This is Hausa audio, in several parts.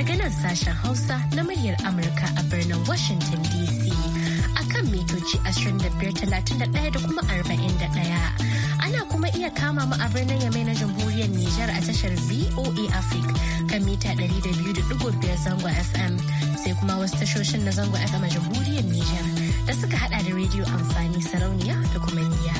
daga nan sashen Hausa na muryar Amurka a birnin Washington DC. A kan mitoci 2531 da kuma 41. Ana kuma iya kama mu a birnin Yamai na Jamhuriyar Nijar a tashar VOA Africa kan mita 200.5 zango FM. Sai kuma wasu tashoshin na zango FM a Jamhuriyar Nijar da suka hada da rediyo amfani sarauniya da kuma niya.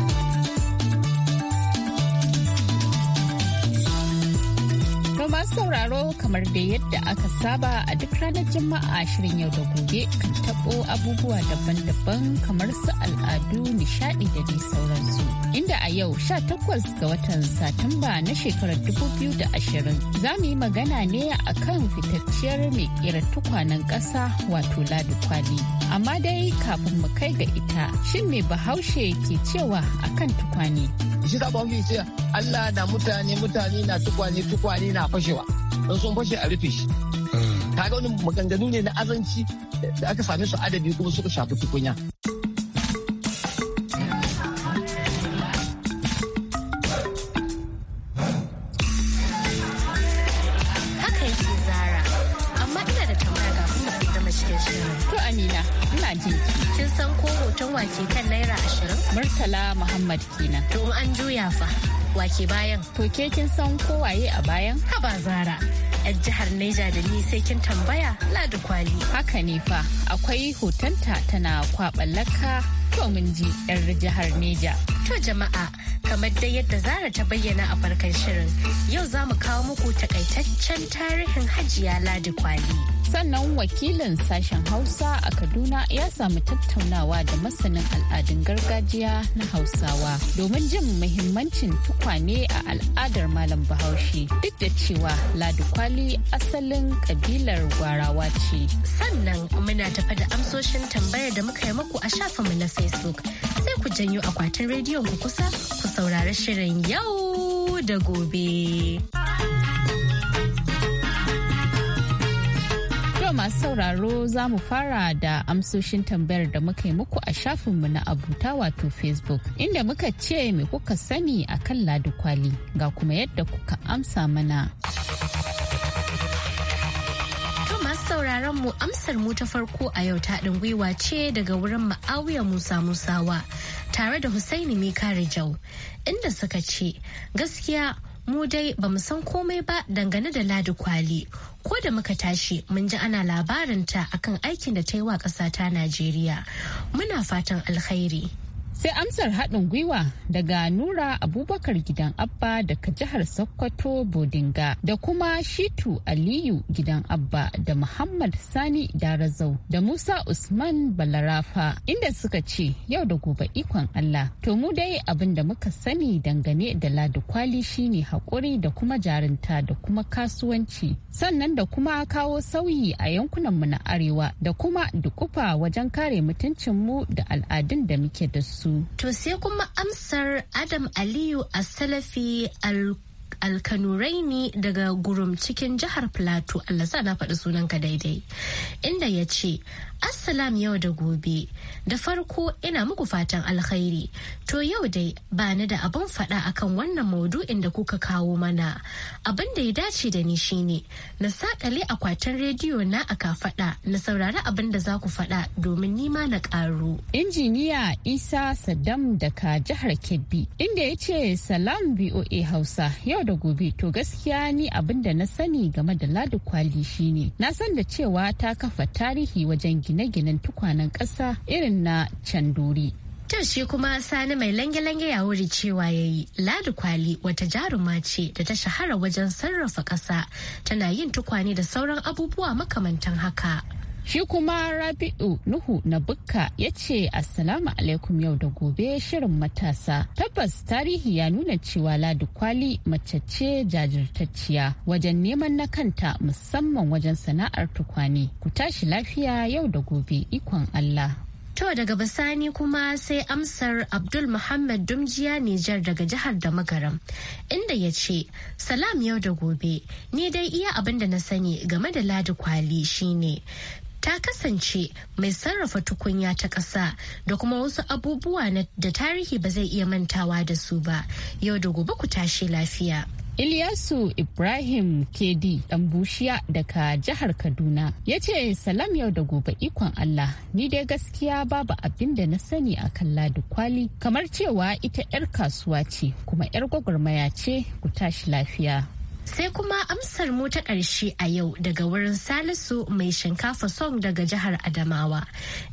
masu sauraro kamar da yadda aka saba a duk ranar Juma'a shirin yau da gobe kan tabo abubuwa daban-daban kamar su al'adu, nishadi da dai sauransu. Inda a yau sha takwas ga watan Satumba na shekarar dubu biyu 2020 za mu yi magana ne akan fitacciyar mai kera tukwanen ƙasa wato ladu kwali. amma dai kafin mu kai ga ita shin me bahaushe ke cewa akan tukwane shi za bahaushe ce Allah na mutane mutane na tukwane tukwane na fashewa don sun fashe a rufe shi mm. kaga wani maganganu ne na azanci da aka same su adabi kuma suka shafi tukunya Murtala Muhammad kenan. To an juya fa wake bayan. To ke kin san kowaye a bayan? Haba Zara. Yan jihar Neja da ni sai kin tambaya Ladi Kwali. Haka ne fa akwai hotonta tana kwaɓallaka laka to mun ji yar jihar Neja. To jama'a kamar dai yadda Zara ta bayyana a farkon shirin yau za mu kawo muku takaitaccen tarihin Hajiya Ladi Kwali. sannan wakilin sashen hausa a kaduna ya samu tattaunawa da masanin al'adun gargajiya na hausawa domin jin muhimmancin tukwane a al'adar malam bahaushe duk da cewa kwali asalin kabilar gwarawa ce sannan muna tafa da amsoshin tambayar da muka yi muku a shafinmu na facebook sai ku janyo akwatin rediyon ku kusa ku saurari shirin yau da gobe. masu sauraro za mu fara da amsoshin tambayar da muka yi muku a shafinmu na abuta wato Facebook inda muka ce me kuka sani a kan kwali ga kuma yadda kuka amsa mana. sauraron mu amsar mu ta farko a yau ta gwiwa ce daga wurin ma'awiya musa musawa tare da husaini mai kare jau inda suka ce gaskiya mu dai ba mu san komai ba dangane da ladi kwali ko da muka tashi mun ji ana labarinta akan aikin da ta yi wa ƙasa ta najeriya muna fatan alkhairi sai amsar haɗin gwiwa daga nura abubakar gidan abba daga jihar sokoto bodinga da kuma shitu aliyu gidan abba da muhammad sani darazau da musa usman balarafa inda suka ce yau da gobe ikon allah to mu dai abin da muka sani dangane da ladukwali shine haƙuri da kuma jarinta da kuma kasuwanci sannan da kuma kawo sauyi a yankunan mu na arewa da kuma dukufa wajen kare mutuncin mu da al'adun da muke da su Mm. To sai kuma amsar Adam Aliyu a Salafi alkanurai alkanuraini daga gurum cikin jihar plateau allah sa na faɗi sunanka daidai inda ya ce Assalam yau da gobe. Da farko ina muku fatan alkhairi. To yau dai ba ni da abin faɗa akan wannan maudu'in da kuka kawo mana. Abin da ya dace da ni shine na sakale akwatin rediyo na aka faɗa na saurari abin da za ku faɗa domin nima na ƙaru. Injiniya Isa Saddam daga jihar Kebbi inda ya ce salam BOA Hausa yau da gobe to gaskiya ni abin da na sani game da ladi kwali shine na san da cewa ta kafa tarihi wajen gine-ginen tukwanen ƙasa irin na candori. To shi kuma sani mai lange-lange ya wuri cewa ya yi ladi kwali wata jaruma ce da ta shahara wajen sarrafa ƙasa tana yin tukwane da sauran abubuwa makamantan haka. Shi kuma Rabi'u Nuhu na Bukka ya ce Assalamu alaikum yau da gobe shirin matasa. Tabbas tarihi ya nuna cewa Ladi Kwali mace ce jajirtacciya wajen neman na kanta musamman wajen sana'ar tukwane. Ku tashi lafiya yau da gobe ikon Allah. To daga basani kuma sai amsar Abdul Muhammad Dumjiya Nijar daga jihar da magaram inda ya ce, Salam yau da gobe, ni dai iya abin da na sani game da ladi kwali shine ta kasance mai sarrafa tukunya ta ƙasa da kuma wasu abubuwa da tarihi ba zai iya mantawa da su ba yau da gobe ku tashi lafiya. Ilyasu Ibrahim Kedi ɗan bushiya daga jihar Kaduna ya ce salam yau da gobe ikon Allah ni dai gaskiya babu abin da na sani a kan kwali kamar cewa ita 'yar kasuwa ce kuma 'yar gwagwarmaya ce ku tashi lafiya. Sai kuma amsar mu ta ƙarshe a yau daga wurin Salisu mai shinkafa song daga jihar Adamawa,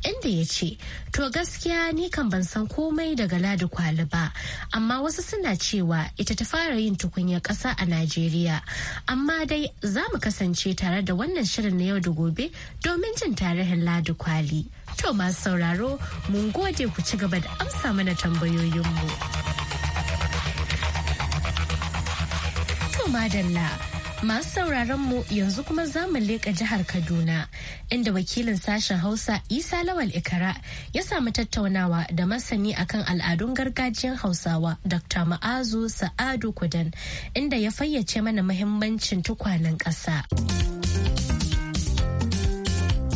inda ya ce, To gaskiya ni kan ban san komai daga ladi kwali ba, amma wasu suna cewa ita ta fara yin tukunyar ƙasa a Najeriya. Amma dai za mu kasance tare da wannan shirin na yau da gobe domin jin tarihin ladi kwali. To masu sauraro, mun gode ku ci gaba da amsa mana tambayoyinmu. madalla. Masu sauraron mu yanzu kuma za mu leƙa jihar Kaduna inda wakilin sashen Hausa Isa Lawal Ikara ya samu tattaunawa da masani akan al'adun gargajiyar Hausawa Dr. Ma'azu Sa'adu Kudan inda ya fayyace mana muhimmancin tukwanen ƙasa.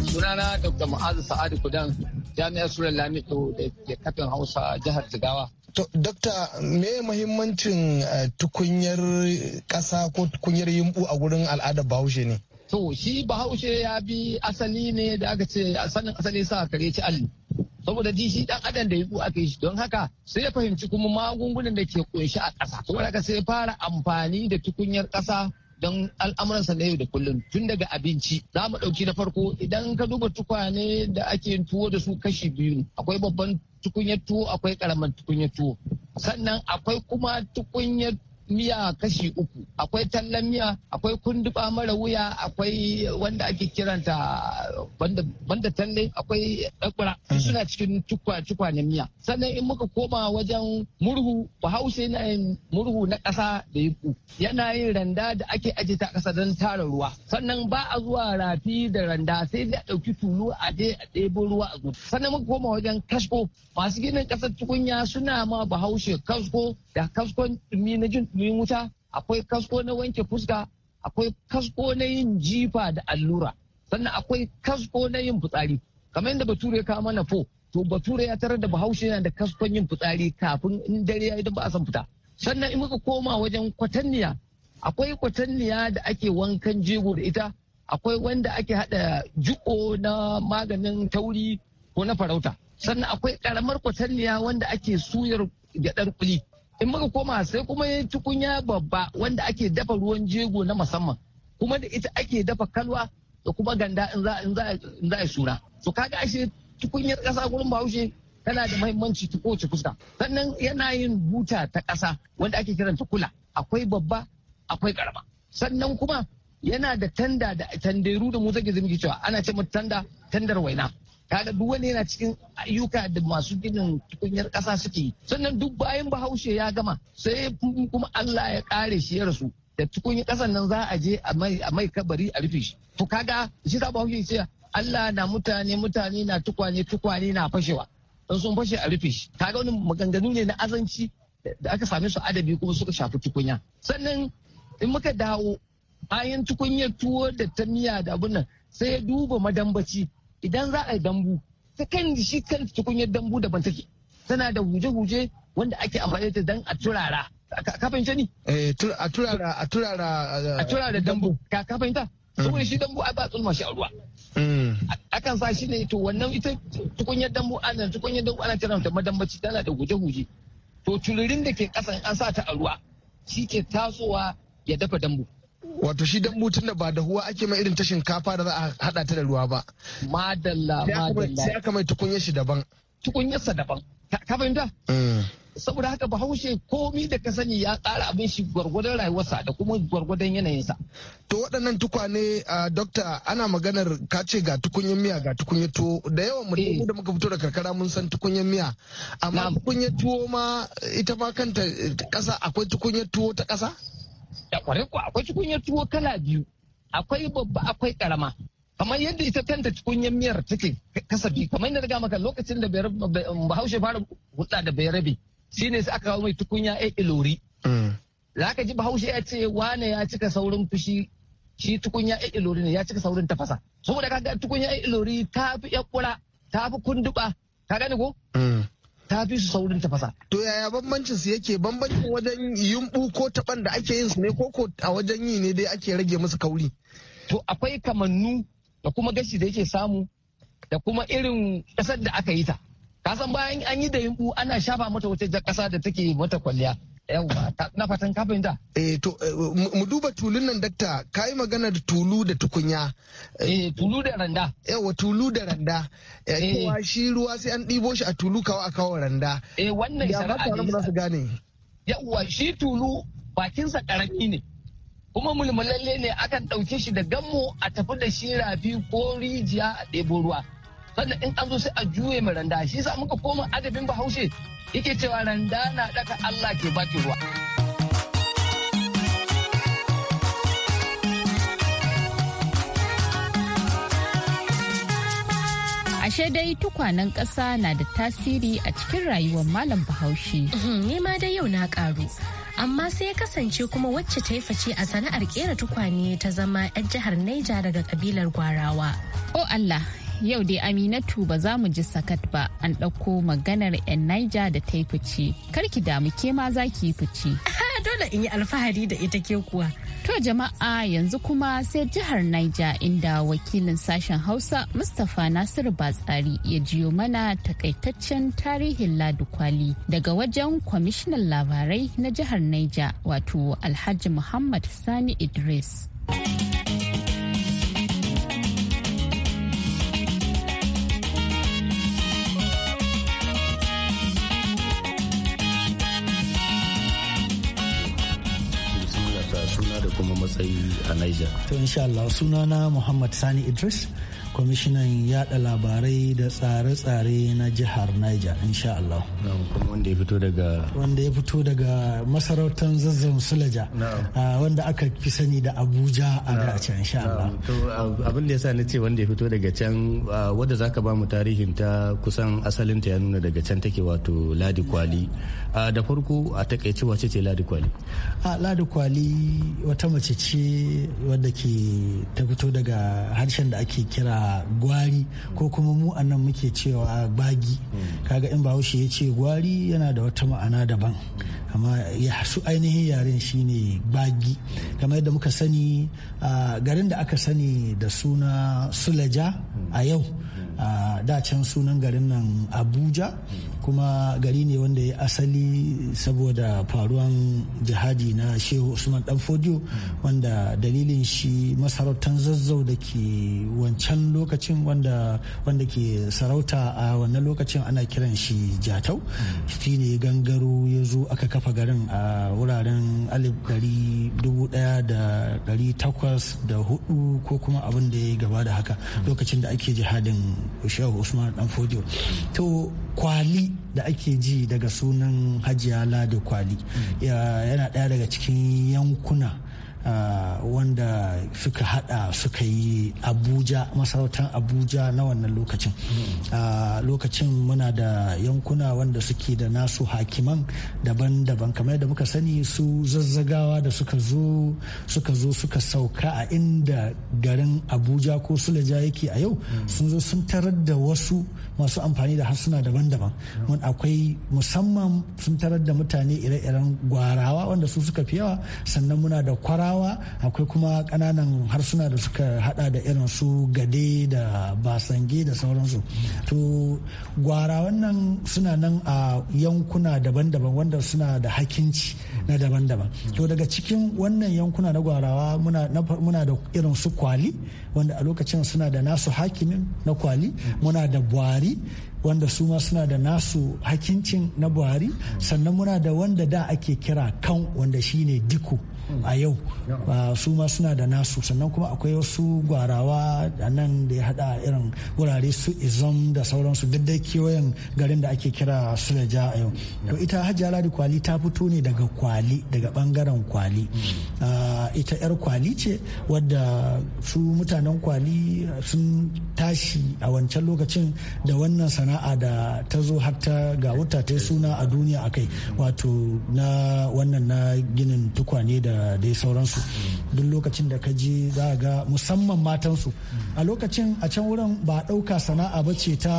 Sunana Dr. Ma'azu Sa'adu Kudan jami'ar surin Lamido da ke kafin Hausa jihar Jigawa. To, Dokta, me mahimmancin eh, tukunyar kasa ko tukunyar yimbu a gurin al'adar Bahaushe ne? To, shi Bahaushe ya bi asali ne da aka ce sanin asali sa kare ci alli. Saboda ji shi dan adam da yimbu aka yi shi don haka sai ya fahimci kuma magungunan da ke kunshi a ƙasa. Saboda haka sai fara amfani da tukunyar ƙasa don al'amuransa na yau da kullum tun daga abinci za mu ɗauki na farko idan ka duba tukwane da ake tuwo da su kashi biyu akwai babban tukunyar tuwo akwai karamar tukunyar tuwo sannan akwai kuma tukunyar miya kashi uku akwai tallan miya akwai kunduba mara wuya akwai wanda ake kiranta banda talle akwai ɗakwara suna mm-hmm. cikin tukwa na miya sannan in muka koma wajen murhu bahaushe na yin murhu na ƙasa da yiku yana yin randa da ake aje ta ƙasa don tara ruwa sannan ba a zuwa rafi da randa sai dai a ɗauki tulu a je a ɗebo ruwa a gudu sannan muka koma wajen kasko masu ginin ƙasar tukunya suna ma bahaushe kasko da kaskon ɗumi na jin tukumin wuta akwai kasko na wanke fuska akwai kasko na yin jifa da allura sannan akwai kasko na yin fitsari kamar yadda bature ka mana fo to bature ya tarar da bahaushe yana da kaskon yin fitsari kafin in dare ya idan ba a san fita sannan in muka koma wajen kwatanniya akwai kwatanniya da ake wankan jego da ita akwai wanda ake hada juko na maganin tauri ko na farauta sannan akwai karamar kwatanniya wanda ake suyar gyadar kuli in muka koma sai kuma ya tukunya babba wanda ake dafa ruwan jego na musamman kuma da ita ake dafa kalwa da kuma ganda in za a sura to kaga ashe tukunyar kasa gurin bahaushe tana da mahimmanci ta kowace fuska sannan yana yin buta ta kasa wanda ake kiranta kula akwai babba akwai karama sannan kuma yana da tanda da tanderu da mu zage cewa ana ce mu tanda tandar waina kaga duk wani yana cikin ayyuka da masu ginin tukunyar kasa suke yi sannan duk bayan bahaushe ya gama sai kuma Allah ya kare shi ya rasu da tukunyar kasan nan za a je a mai kabari a rufe shi to kaga shi za bahaushe ce Allah na mutane mutane na tukwane tukwane na fashewa don sun fashe a rufe shi kaga wani maganganu ne na azanci da aka same su adabi kuma suka shafi tukunya sannan in muka dawo bayan tukunyar tuwo da ta miya da abun nan sai ya duba madambaci idan za a dambu ta kan shi kan tukunyar dambu daban take tana da huje-huje wanda ake amfani da dan a turara ka fahimta ni eh, a turara a turara eh, a turara dambu ka fahimta mm. saboda shi dambu a ba tsulma shi a ruwa mm. akan sa shi ne to wannan ita tukunyar dambu ana tukunyar dambu ana tana madambaci tana da huje-huje to tururin da ke kasan an sa ta a ruwa shi ke tasowa ya dafa dambu wato shi dan mutun da ba da huwa ake mai irin ta shinkafa da za a hada ta da ruwa ba madalla madalla sai aka mai tukunyar shi daban tukunyar sa daban ka fahimta mm. saboda haka bahaushe komi da ka sani ya tsara abin shi gwargwadon rayuwarsa da kuma gwargwadon yanayinsa. To waɗannan tukwane a dokta ana maganar ka ce ga tukunyen miya ga tukunyen tuwo da yawan eh. mu da muka fito da karkara mun san tukunyen miya amma tukunyen tuwo ma ita ma kanta ƙasa akwai tukunyen tuwo ta ƙasa? da kwarai ko akwai tukunyar tuwo kala biyu akwai babba akwai karama kamar yadda ita kanta tukunyar miyar take kasabi kamar yadda ga maka lokacin da um, bahaushe fara hulɗa da bayarabe ne sai aka kawo mai tukunya ai ilori mm. za ka ji bahaushe ya ce wane ya cika saurin fushi shi tukunya ai ilori ne ya cika saurin tafasa saboda kaga tukunya ai ilori ta fi yakura ta fi kunduba ka gani ko mm. ta fi su saurin tafasa. To yaya bambancin su yake bambancin wajen yumbu ko taban da ake yin su ne ko ko a wajen yi ne dai ake rage musu kauri. To akwai kamannu da kuma gashi da yake samu da kuma irin ƙasar da aka yi ta. Kasan bayan an yi da yumbu ana shafa mata wata ƙasa da take mata kwalliya. yawa na fatan kafin da. eh to eh, mu duba tulun nan dakta kai magana da tulu da tukunya eh tulu da randa yawa tulu da randa eh, eh. kowa shi ruwa sai an ɗibo shi a tulu kawo a kawo randa eh wannan shari'a ne za su gane yawa shi tulu bakinsa karami ne kuma mulmulalle ne akan ɗauke shi da gammo a tafi da shi rafi ko rijiya a ɗebo ruwa sannan in an zo sai a juye mu randa shi sa muka koma adabin bahaushe yake cewa randa na daka Allah ke baki ruwa ashe dai tukwanen ƙasa na da tasiri a cikin rayuwar malam bahaushe mhm, ni ma dai yau na ƙaru amma sai ya kasance kuma wacce ta yi a sana'ar kera tukwane ta zama 'yan jihar Neja daga kabilar Gwarawa. O oh Allah, yau dai aminatu ba za mu ji sakat ba an ɗauko maganar 'yan naija da ta yi fice ki damu ke ma za ki yi fice dole in yi alfahari da ita ke kuwa to jama'a yanzu kuma sai jihar naija inda wakilin sashen hausa mustapha nasiru batsari ya jiyo mana takaitaccen tarihin kwali daga wajen kwamishinan labarai na jihar naija wato alhaji muhammad sani idris matsayi a Niger. To insha Allah sunana Muhammad Sani Idris kwamishinan yada labarai da tsare-tsare na jihar niger insha Allah. wanda ya fito daga wanda ya fito daga masarautar zazzan sulaja wanda aka fi sani da abuja a da can insha Allah. abin da ya sa na ce wanda ya fito daga can wadda zaka ba mu tarihin ta kusan asalin ta ya nuna daga can take wato ladi kwali da farko a takaice wace ce ladi kwali ladi kwali wata mace ce wadda ke ta fito daga harshen da ake kira gwari ko kuma mu anan muke cewa bagi kaga in bahaushe ya ce gwari yana da wata ma'ana daban amma ya su ainihin yaren shine gbagi kamar yadda muka sani garin da aka sani da suna sulaja a yau a can sunan garin nan abuja kuma gari ne wanda ya asali saboda faruwan jihadi na shehu usman dan fodio wanda dalilin shi masarautar zazzau da ke wancan lokacin wanda ke sarauta a wannan lokacin ana kiran shi jatau shi ne gangaro ya zo aka kafa garin a wuraren alif dari dubu daya da dari takwas da hudu ko kuma abin da ya gaba da haka lokacin da ake jihadin shehu usman dan fodio to kwali da ake ji daga sunan hajiya ladi kwali mm. yana daya daga cikin yankuna Ah, wanda suka hada suka yi abuja masarautar abuja na wannan lokacin hmm. ah, lokacin muna da yankuna wanda suke da nasu hakiman daban-daban kamar da muka sani su zazzagawa da suka zo suka zo suka sauka a inda garin abuja ko sulaja yake a yau hmm. sun zo sun tarar da wasu masu amfani da harsuna daban-daban hmm. mun akwai musamman sun tarar da mutane ire-iren gwarawa wanda su suka fi yawa sannan muna da kwara nasarawa akwai kuma ƙananan harsuna da suka hada da irin su gade da basange da sauransu to gwara wannan suna nan a yankuna daban-daban wanda suna da hakinci na daban-daban to daga cikin wannan yankuna na gwarawa muna da irin su kwali wanda a lokacin suna da nasu hakimin na kwali muna da buhari wanda su ma suna da nasu hakincin na buhari sannan muna da wanda da ake kira kan wanda shine diku a yau su ma suna da nasu sannan kuma akwai wasu gwarawa da nan da ya hada irin wurare su izon da sauransu duk kewayen garin da ake kira suleja a yau to ita hajjara da kwali ta fito ne daga kwali daga bangaren kwali hmm. ah, ita 'yar kwali ce wadda su mutanen kwali sun tashi a wancan lokacin da wannan sana'a da ta zo hatta ga wuta ta suna a duniya a kai wato na wannan na ginin tukwane da dai sauransu duk lokacin da ka je za ga musamman matansu a lokacin a can wurin ba ɗauka sana'a ba ce ta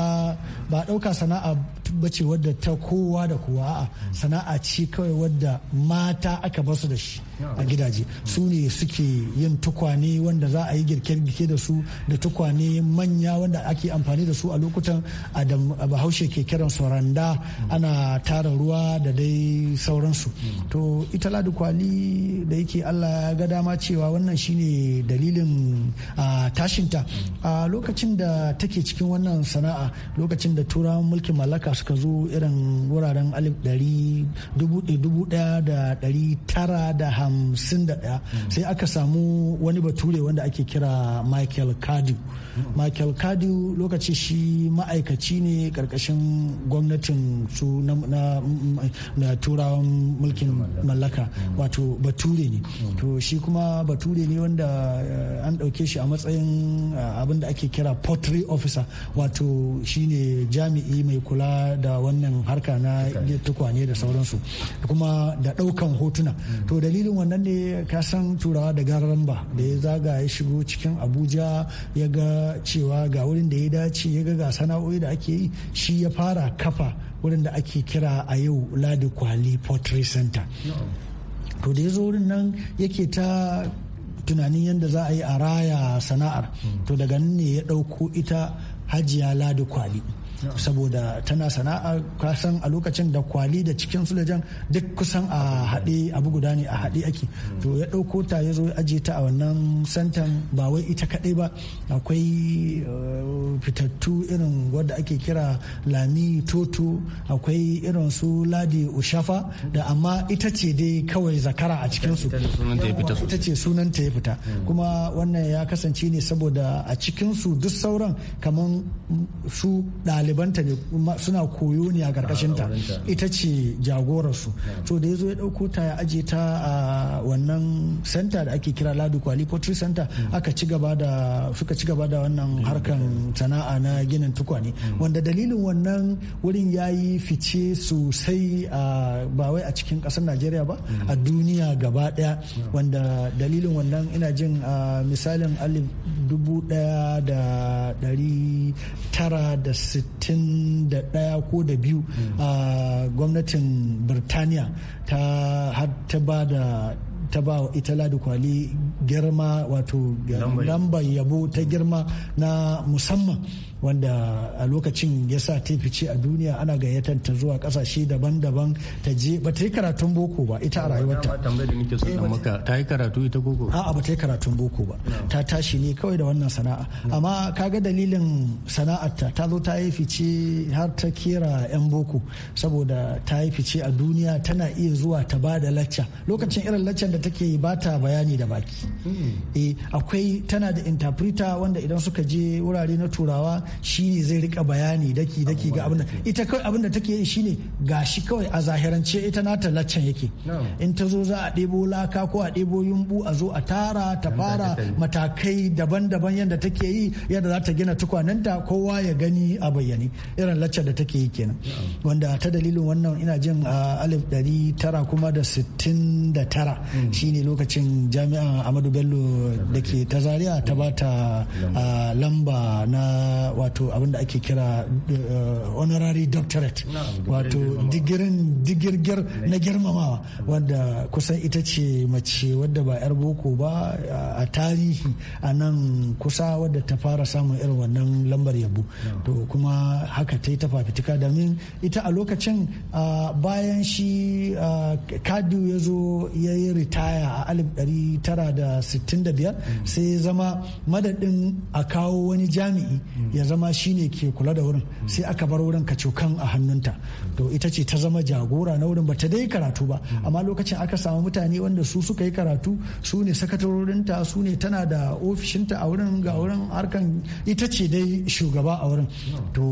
ba ɗauka sana'a bace wadda ta kowa da kowa a sana'a ce kawai wadda mata aka basu da shi a gidaje su ne suke yin tukwane wanda za a yi girke-girke da su da tukwane manya wanda ake amfani da su a lokutan a bahaushe ke kiran randa ana tara ruwa da dai sauransu to ita ladu kwali da yake allah ya ga dama cewa wannan shine dalilin tashinta a lokacin da take cikin wannan sana'a lokacin da turawan mulkin mallaka suka zo irin wuraren alif ɗari dubu ɗaya da ɗari tara da hamsin da ɗaya sai aka samu wani bature wanda ake kira michael cardew michael cardew lokaci shi ma'aikaci ne ƙarƙashin gwamnatin su na turawan mulkin mallaka wato bature ne to shi kuma bature ne wanda eh, an ɗauke shi a matsayin eh, abinda ake kira pottery officer wato shine jami'i mai kula da wannan harka na tukwane da sauransu kuma da ɗaukan hotuna mm. to dalilin wannan ne ka san turawa da garamba da ya zaga ya shigo cikin abuja ya ga cewa ga wurin da ya dace ya ga ga sana'o'i da ake yi shi ya fara kafa wurin da ake kira a yau ladi kwali pottery center to da ya zo wurin nan yake ta tunanin yadda za a yi a raya sana'ar mm. to daga nan ne ya ɗauko ita hajiya ladi kwali saboda tana sana'a kasan a lokacin da kwali da cikin sulajen duk kusan a haɗe abu guda ne a haɗe ake to ya ɗauko ta ya zo ya ajiye ta a wannan santan ba wai ita kaɗai ba akwai eh, fitattu irin wadda ake kira lami toto akwai irin su ladi ushafa da amma ita ce dai kawai zakara a cikin su ita ce sunan ta ya fita kuma wannan ya kasance ne saboda a cikin su duk sauran kamar su ɗalibai ɗalibanta ne suna koyo ne a ƙarƙashinta ita ce jagorarsu to da ya zo ya ɗauko ta ya aje ta a wannan senta da ake kira ladu kwali pottery center mm. aka ci gaba da suka ci gaba da wannan harkan sana'a na ginin tukwane mm. wanda dalilin wannan wurin ya yi fice sosai ba wai a cikin ƙasar najeriya ba mm. a duniya gaba ɗaya wanda dalilin wannan ina jin misalin alif dubu ɗaya da ɗari tara da sittin 61 ko da biyu a gwamnatin birtaniya ta ba da ta ba wa ita ladi kwali girma wato lambar yabo ta girma na musamman wanda a lokacin ya sa ta fice a duniya ana gayyatar ta zuwa kasashe daban-daban ta je ba ta yi karatun boko ba ita a rayuwarta eh, ta yi karatu ita boko a'a ba ta yi karatun boko ba ta tashi ne kawai da wannan sana'a amma kaga dalilin sana'arta ta zo ta yi fice har ta kera 'yan boko saboda ta yi fice a duniya tana iya zuwa ta ba da lacca lokacin irin laccan da take yi ba ta bayani da baki hmm. eh, akwai tana da interpreter wanda idan suka je wurare na turawa shine zai rika bayani daki daki ga abin ita kawai abin da take yi shine gashi kawai a zahirance ita nata laccan yake in ta zo za a ɗebo laka ko a ɗebo yumbu a zo a tara ta fara matakai daban-daban yadda take yi yadda za ta gina tukwanenta kowa ya gani a bayyane irin laccar da take yi kenan wanda ta dalilin wannan ina jin a alif dari tara kuma da sittin da tara mm. shine lokacin jami'an amadu bello da ke ta zaria ta bata lamba na wato abin da ake kira uh, honorary doctorate wato digirin digirgir na girmamawa wanda kusan ita ce mace wadda ba 'yar boko ba a tarihi a nan kusa wadda ta fara samun irin wannan lambar yabo to kuma haka ta yi ta fafitika domin ita a lokacin bayan shi kadu ya zo ya yi ritaya a 1965 mm. sai zama madadin a kawo wani jami'i mm. ya ya zama shine ke kula da wurin sai aka bar wurin ka cokan a hannunta to ita ce ta zama jagora na wurin bata dai karatu ba amma lokacin aka samu mutane wanda su suka yi karatu su ne sakatarorinta su ne tana da ofishinta a wurin ga wurin harkan ita ce dai shugaba a wurin to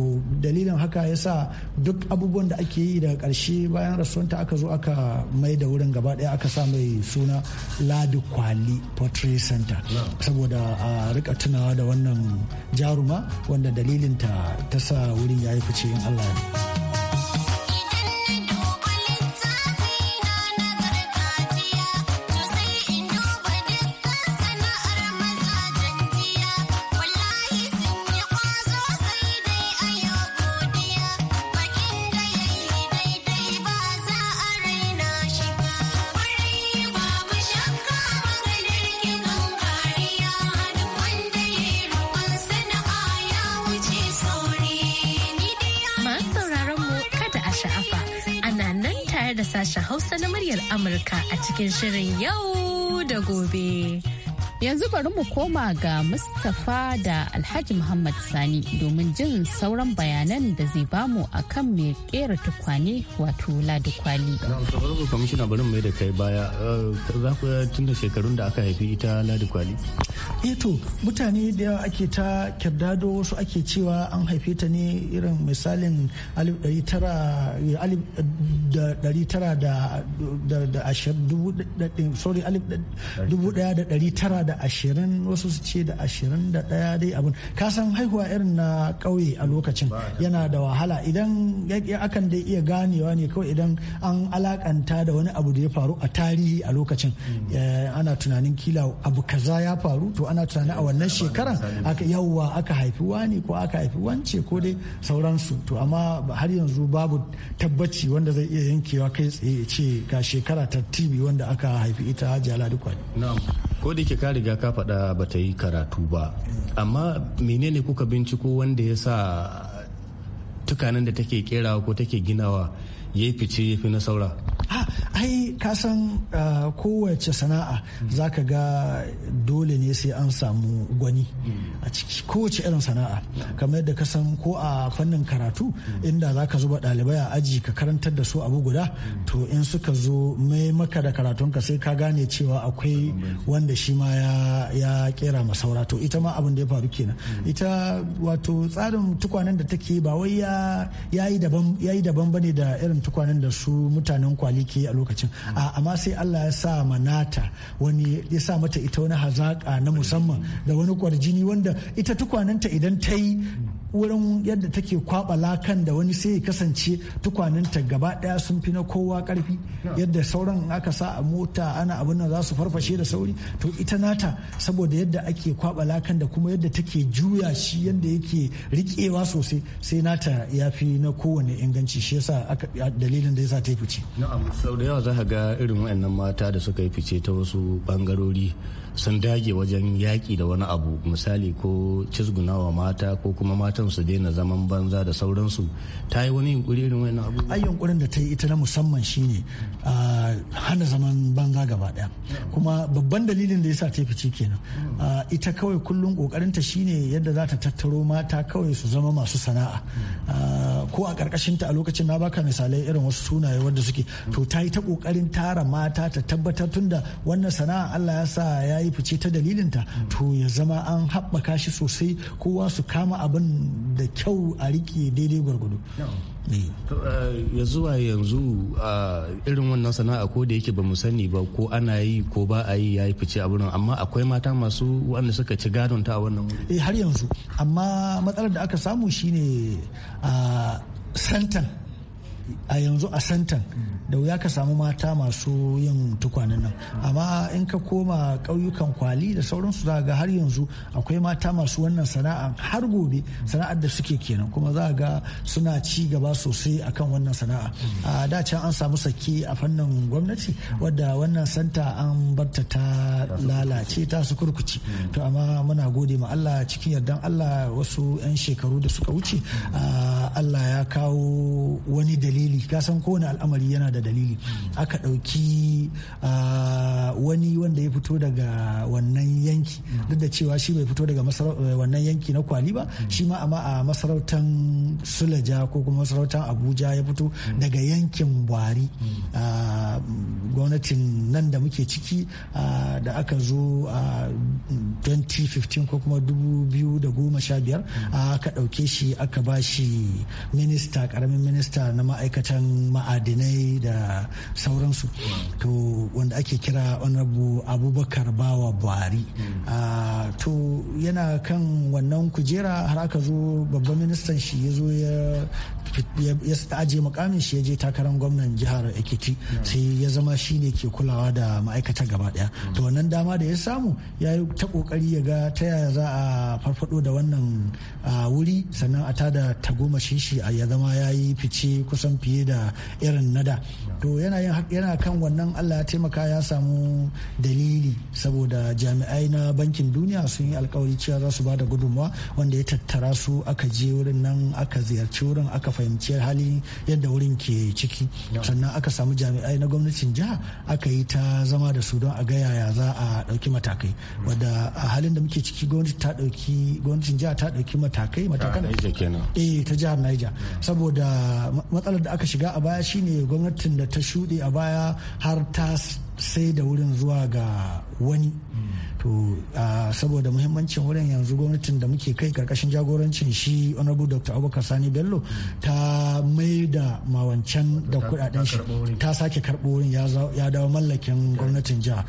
dalilin haka yasa duk abubuwan da ake yi daga karshe bayan rasuwanta aka zo aka mai da wurin gaba daya aka sa mai suna ladi kwali pottery center saboda a rika tunawa da wannan jaruma wanda dalilinta ta sa wurin ya yi fice in Allah ne. tare da sashen Hausa na muryar Amurka a cikin shirin yau da gobe. Yanzu bari mu koma ga Mustapha da Alhaji Muhammad Sani domin jin sauran bayanan da zai bamu a kan mai kera tukwane wato ladukwali. Kamishina bari mai da kai baya, eh, za ku tun da shekarun da aka haifi ita ladukwali? eto eh mutane da yawa ake ta kyardado wasu ake cewa an haife ta ne irin misalin 1920 wasu su ce da 21 dai abin kasan haihuwa irin na ƙauye a lokacin yana da wahala idan akan dai iya ganewa ne kawai idan an alakanta da wani abu da ya faru a tarihi a lokacin hmm. eh, ana tunanin kila abu kaza ya faru to ana tunanin a wannan shekaran aka yawwa aka haifi wani ko aka haifi wance ko dai sauransu to amma har yanzu babu tabbaci wanda zai iya yankewa kai tsaye ce ga shekara ta tibi wanda aka haifi ita hajiya ladi kwali ko da ke ka riga ka faɗa ba ta yi karatu ba amma menene kuka binciko wanda ya sa tukanen da take kerawa ko take ginawa ya fice ya fi na saura Ah, ai kasan san ah, kowace sana'a za ka ga dole ne sai an samu gwani a ciki kowace irin sana'a kamar yadda ka san ko a fannin karatu inda za ka zuba ɗalibai a aji ka karantar da su abu guda to in suka zo mai maka da karatunka sai ka gane cewa akwai wanda shi ma ya kera masaura to ita ma abin da ya faru kenan ita wato tsarin tukwanen da take ba wai ya yi daban bane da irin tukwanen da su mutanen kwali ke a lokacin amma sai Allah ya sa manata wani ya sa mata ita wani hazaka na musamman da wani kwarjini wanda ita tukwanenta idan ta yi wurin yadda take kwaba lakan da wani sai ya kasance tukwanenta gaba daya sun fi na kowa karfi yadda sauran aka sa a mota ana abin nan za su farfashe da sauri to ita nata saboda yadda ake kwaba lakan da kuma yadda take juya shi yadda yake riƙewa sosai sai nata ya fi na kowane inganci shi yasa dalilin da yasa ta yi fice. Na'am sau da yawa za ga irin waɗannan mata da suka yi fice ta wasu bangarori sun dage wajen yaƙi da wani abu misali ko cizgunawa mata ko kuma matan su daina zaman banza da sauransu ta yi wani yunkuri irin wani abu ayyukan da ta yi ita na musamman shine ah, hana zaman banza gaba daya kuma babban dalilin da ya sa ta fice kenan hmm. ah, ita kawai kullum kokarinta shine yadda za ta tattaro mata kawai su zama masu sana'a hmm. ah, ko a karkashin ta a lokacin na baka misalai irin wasu sunaye wanda suke to ta yi ta kokarin tara mata ta tabbatar tunda wannan sana'a Allah ya sa ya yi fice ta dalilin ta hmm. to ya zama an haɓaka shi sosai kowa su kama abin da kyau a rike daidai gwargwado Eh, ya zuwa yanzu a irin wannan sana'a ko da yake ba mu sani ba ko ana yi ko ba a yi ya yi fice a wurin amma akwai mata masu wanda suka ci gadon ta a wannan wuri eh, har yanzu amma matsalar da aka samu shine a santan a yanzu a santan da wuya ka samu mata masu yin tukwanen nan amma in ka koma ƙauyukan kwali da sauransu za ga har yanzu akwai mata masu wannan sana'a har gobe sana'ar da suke kenan kuma za ga suna ci gaba sosai akan wannan sana'a a da can an samu sake a fannin gwamnati wadda wannan santa an barta ta lalace ta su kurkuci to amma muna gode ma Allah cikin yardan Allah wasu 'yan shekaru da suka wuce a Allah ya kawo wani dalili kasan kowane al'amari yana da dalili aka ɗauki ah, wani wanda ya fito daga wannan yanki duk da cewa shi bai fito daga eh, wannan yanki na kwali ba shi ma amma a masarautan sulaja ko kuma masarautan abuja ya fito daga yankin Bwari ah, gwamnatin nan da muke ciki ah, da aka zo a 2015 ko kuma 2015 aka ɗauke shi aka ba shi minista karamin minista na ma'aikatan ma'adinai da sauransu to wanda ake kira honorable abubakar bawa buhari hmm. ah, to yana kan wannan kujera har aka zo babban ministan shi ya zo ya aje mukamin shi ya je takarar gwamnan jihar ekiti hmm. sai ya zama shi ne ke kulawa da ma'aikata gaba daya hmm. to wannan dama da ya samu ya yi ta kokari ya ga ta yaya za a farfado da wannan ah, wuri sannan a tada ta shi. shi ya zama ya yi fice kusan fiye da irin nada to yana yana kan wannan allah ya taimaka ya samu dalili saboda jami'ai na bankin duniya sun yi alkawari cewa za su ba da gudunmawa wanda ya tattara su aka je wurin nan aka ziyarci wurin aka fahimci hali yadda wurin ke ciki sannan aka samu jami'ai na gwamnatin jiha aka yi ta zama da su don a ga yaya za a ɗauki matakai wadda a halin da muke ciki gwamnatin jiha ta ɗauki matakai matakan eh ta jihar Niger saboda matsalar da aka shiga a baya shine gwamnatin da ta shuɗe a baya har ta sai da wurin zuwa ga wani to saboda muhimmancin wurin yanzu gwamnatin da muke kai karkashin jagorancin shi honorable dr abubakar sani bello ta mai da mawancan da kudaden shi ta sake ya dawo mallakin eh. gwamnatin jiha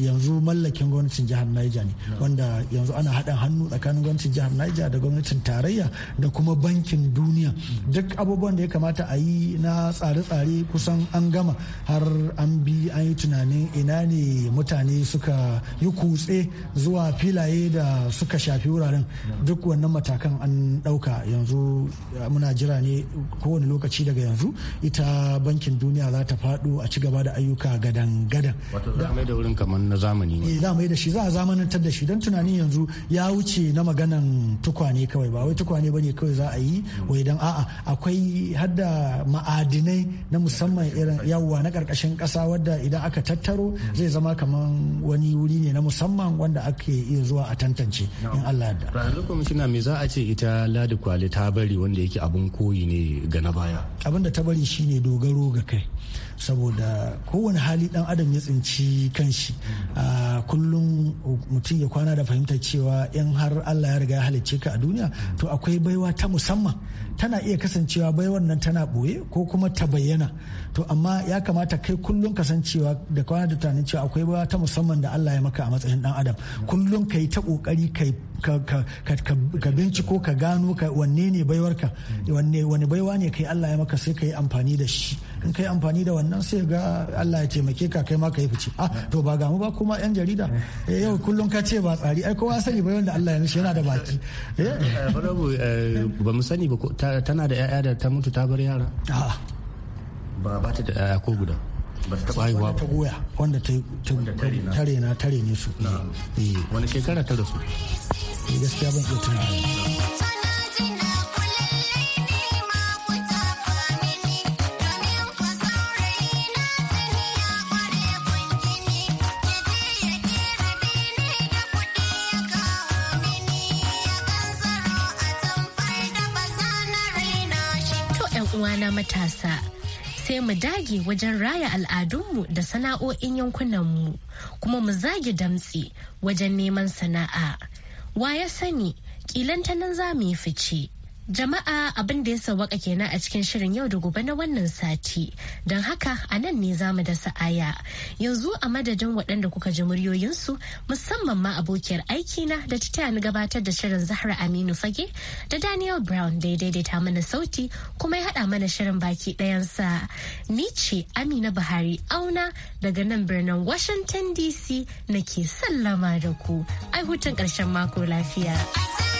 yanzu mallakin gwamnatin jihar Niger ne wanda yanzu ana haɗa hannu tsakanin gwamnatin jihar Niger da gwamnatin tarayya da kuma bankin duniya mm. duk abubuwan da ya kamata a yi na tsare-tsare kusan an gama har an bi an yi tunanin ina ne mutane suka yi kutse zuwa filaye da suka shafi wuraren duk wannan matakan an ɗauka yanzu muna jira ne ko kowane lokaci daga yanzu ita bankin duniya za ta faɗo a ci gaba da ayyuka gadan gadan da mai da wurin kamar na zamani ne eh, za mai da shi za a zamanantar da shi don tunanin yanzu ya wuce na maganan tukwane kawai ba wai tukwane bane kawai za a yi wai dan a'a akwai hadda ma'adinai na musamman irin yawwa na karkashin kasa wadda idan aka tattaro zai zama kamar wani wuri ne na musamman wanda ake iya zuwa a tantance in Allah da. Yanzu Komishina me za a ce ita Ladi Kwale ta bari wanda yake abun koyi ne ga na baya abinda ta bari shine dogaro ga kai saboda kowane hali dan adam ya tsinci kanshi a kullum mutum ya kwana da fahimtar cewa in har allah ya riga ya halicce ka a duniya to akwai baiwa ta musamman tana iya kasancewa bai wannan tana ɓoye ko kuma ta bayyana to amma ya kamata kai kullum kasancewa da kwana da tunanin cewa akwai baiwa ta musamman da Allah ya maka a matsayin dan adam kullum ka yi ta kokari ka binciko ka gano ka wanne ne baiwarka wanne wani baiwa ne kai Allah ya maka sai ka yi amfani da shi in kai amfani da wannan sai ga Allah ya taimake ka kai ma ka yi fice ah to ba gamu ba kuma yan jarida eh, yau kullum ka ce ba tsari ai kowa sani bai wanda Allah ya mishi yana da baki eh? Eh, ba mu sani ba tana da 'ya'ya da ta mutu ta bar yara ba ba ta da 'ya'ya ko guda ba ta goya wanda ta tare na tare ne su wani shekara ta rasu gaskiya ban iya tunani matasa sai mu dage wajen raya al'adunmu da sana'o'in yankunanmu kuma mu zage damtse wajen neman sana'a. waya sani kilanta nan za mu yi fice. Jama'a abin da ya sawaka kenan a cikin shirin yau da gobe na wannan sati. Don haka a nan ne za mu da sa'aya. Yanzu a madadin waɗanda kuka ji muryoyinsu musamman ma abokiyar aikina da ta taya ni gabatar da shirin Zahra Aminu Fage da Daniel Brown da ya daidaita mana sauti kuma ya haɗa mana shirin baki ɗayansa. Ni ce Amina Buhari auna daga nan birnin Washington DC nake sallama da ku. Ai hutun ƙarshen mako lafiya.